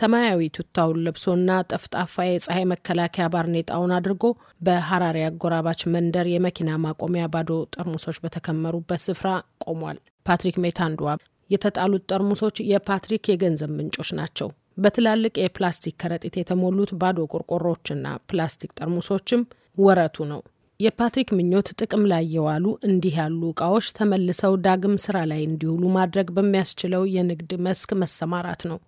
ሰማያዊ ቱታውን ለብሶና ጠፍጣፋ የፀሐይ መከላከያ ባርኔጣውን አድርጎ በሀራሪ አጎራባች መንደር የመኪና ማቆሚያ ባዶ ጠርሙሶች በተከመሩበት ስፍራ ቆሟል። ፓትሪክ ሜታንድዋ የተጣሉት ጠርሙሶች የፓትሪክ የገንዘብ ምንጮች ናቸው። በትላልቅ የፕላስቲክ ከረጢት የተሞሉት ባዶ ቆርቆሮዎችና ፕላስቲክ ጠርሙሶችም ወረቱ ነው። የፓትሪክ ምኞት ጥቅም ላይ የዋሉ እንዲህ ያሉ እቃዎች ተመልሰው ዳግም ስራ ላይ እንዲውሉ ማድረግ በሚያስችለው የንግድ መስክ መሰማራት ነው።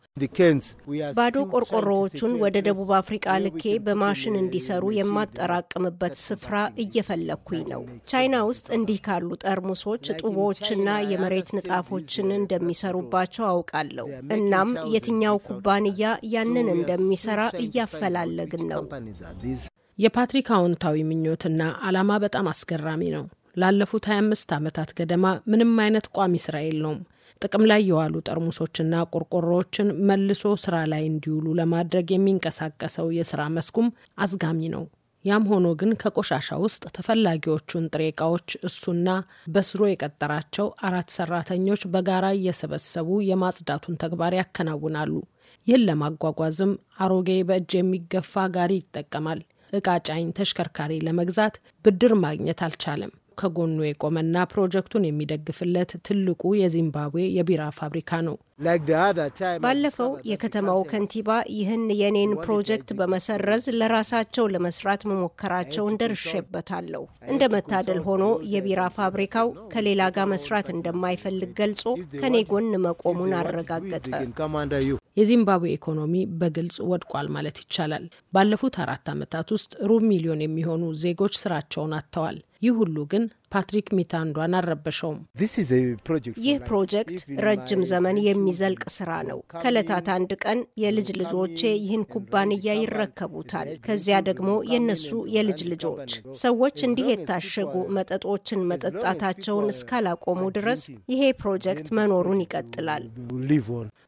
ባዶ ቆርቆሮዎቹን ወደ ደቡብ አፍሪቃ ልኬ በማሽን እንዲሰሩ የማጠራቅምበት ስፍራ እየፈለግኩኝ ነው። ቻይና ውስጥ እንዲህ ካሉ ጠርሙሶች ጡቦችና የመሬት ንጣፎችን እንደሚሰሩባቸው አውቃለሁ። እናም የትኛው ኩባንያ ያንን እንደሚሰራ እያፈላለግን ነው። የፓትሪክ አዎንታዊ ምኞትና ዓላማ በጣም አስገራሚ ነው። ላለፉት 25 ዓመታት ገደማ ምንም አይነት ቋሚ ስራ የለውም። ጥቅም ላይ የዋሉ ጠርሙሶችና ቆርቆሮዎችን መልሶ ስራ ላይ እንዲውሉ ለማድረግ የሚንቀሳቀሰው የስራ መስኩም አዝጋሚ ነው። ያም ሆኖ ግን ከቆሻሻ ውስጥ ተፈላጊዎቹን ጥሬ እቃዎች እሱና በስሮ የቀጠራቸው አራት ሰራተኞች በጋራ እየሰበሰቡ የማጽዳቱን ተግባር ያከናውናሉ። ይህን ለማጓጓዝም አሮጌ በእጅ የሚገፋ ጋሪ ይጠቀማል። እቃ ጫኝ ተሽከርካሪ ለመግዛት ብድር ማግኘት አልቻለም። ከጎኑ የቆመና ፕሮጀክቱን የሚደግፍለት ትልቁ የዚምባብዌ የቢራ ፋብሪካ ነው። ባለፈው የከተማው ከንቲባ ይህን የኔን ፕሮጀክት በመሰረዝ ለራሳቸው ለመስራት መሞከራቸውን ደርሼበታለሁ። እንደ መታደል ሆኖ የቢራ ፋብሪካው ከሌላ ጋር መስራት እንደማይፈልግ ገልጾ ከኔ ጎን መቆሙን አረጋገጠ። የዚምባብዌ ኢኮኖሚ በግልጽ ወድቋል ማለት ይቻላል። ባለፉት አራት ዓመታት ውስጥ ሩብ ሚሊዮን የሚሆኑ ዜጎች ስራቸውን አጥተዋል። ይህ ሁሉ ግን ፓትሪክ ሚታንዷን አልረበሸውም። ይህ ፕሮጀክት ረጅም ዘመን የሚዘልቅ ስራ ነው። ከእለታት አንድ ቀን የልጅ ልጆቼ ይህን ኩባንያ ይረከቡታል። ከዚያ ደግሞ የነሱ የልጅ ልጆች። ሰዎች እንዲህ የታሸጉ መጠጦችን መጠጣታቸውን እስካላቆሙ ድረስ ይሄ ፕሮጀክት መኖሩን ይቀጥላል።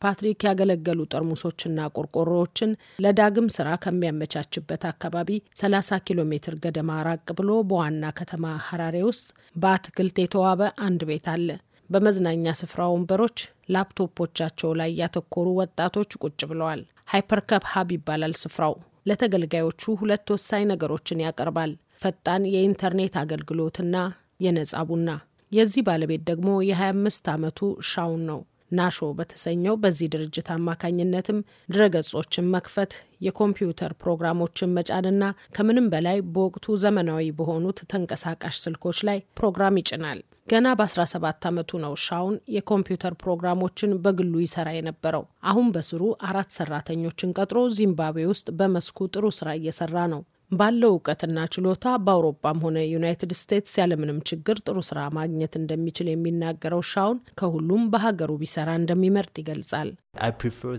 ፓትሪክ ያገለገሉ የተገለገሉ ጠርሙሶችና ቆርቆሮዎችን ለዳግም ስራ ከሚያመቻችበት አካባቢ 30 ኪሎ ሜትር ገደማ ራቅ ብሎ በዋና ከተማ ሀራሬ ውስጥ በአትክልት የተዋበ አንድ ቤት አለ። በመዝናኛ ስፍራ ወንበሮች ላፕቶፖቻቸው ላይ ያተኮሩ ወጣቶች ቁጭ ብለዋል። ሃይፐርከፕ ሀብ ይባላል ስፍራው። ለተገልጋዮቹ ሁለት ወሳኝ ነገሮችን ያቀርባል። ፈጣን የኢንተርኔት አገልግሎትና የነጻ ቡና። የዚህ ባለቤት ደግሞ የ25 ዓመቱ ሻውን ነው። ናሾ በተሰኘው በዚህ ድርጅት አማካኝነትም ድረገጾችን መክፈት የኮምፒውተር ፕሮግራሞችን መጫንና ከምንም በላይ በወቅቱ ዘመናዊ በሆኑት ተንቀሳቃሽ ስልኮች ላይ ፕሮግራም ይጭናል። ገና በ17 ዓመቱ ነው ሻውን የኮምፒውተር ፕሮግራሞችን በግሉ ይሰራ የነበረው። አሁን በስሩ አራት ሰራተኞችን ቀጥሮ ዚምባብዌ ውስጥ በመስኩ ጥሩ ስራ እየሰራ ነው። ባለው እውቀትና ችሎታ በአውሮፓም ሆነ ዩናይትድ ስቴትስ ያለምንም ችግር ጥሩ ስራ ማግኘት እንደሚችል የሚናገረው ሻውን ከሁሉም በሀገሩ ቢሰራ እንደሚመርጥ ይገልጻል።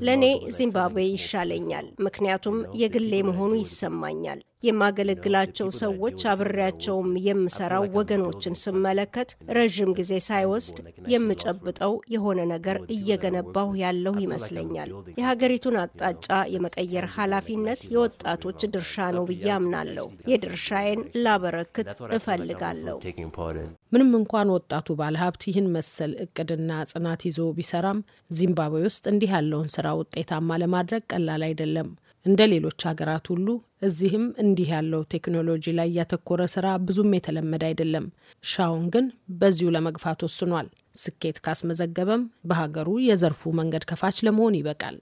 ለእኔ ዚምባብዌ ይሻለኛል፣ ምክንያቱም የግሌ መሆኑ ይሰማኛል። የማገለግላቸው ሰዎች አብሬያቸውም የምሰራው ወገኖችን ስመለከት ረዥም ጊዜ ሳይወስድ የምጨብጠው የሆነ ነገር እየገነባሁ ያለሁ ይመስለኛል። የሀገሪቱን አቅጣጫ የመቀየር ኃላፊነት የወጣቶች ድርሻ ነው ብዬ አምናለሁ። የድርሻዬን ላበረክት እፈልጋለሁ። ምንም እንኳን ወጣቱ ባለሀብት ይህን መሰል እቅድና ጽናት ይዞ ቢሰራም ዚምባብዌ ውስጥ እንዲ እንዲህ ያለውን ስራ ውጤታማ ለማድረግ ቀላል አይደለም። እንደ ሌሎች ሀገራት ሁሉ እዚህም እንዲህ ያለው ቴክኖሎጂ ላይ ያተኮረ ስራ ብዙም የተለመደ አይደለም። ሻውን ግን በዚሁ ለመግፋት ወስኗል። ስኬት ካስመዘገበም በሀገሩ የዘርፉ መንገድ ከፋች ለመሆን ይበቃል።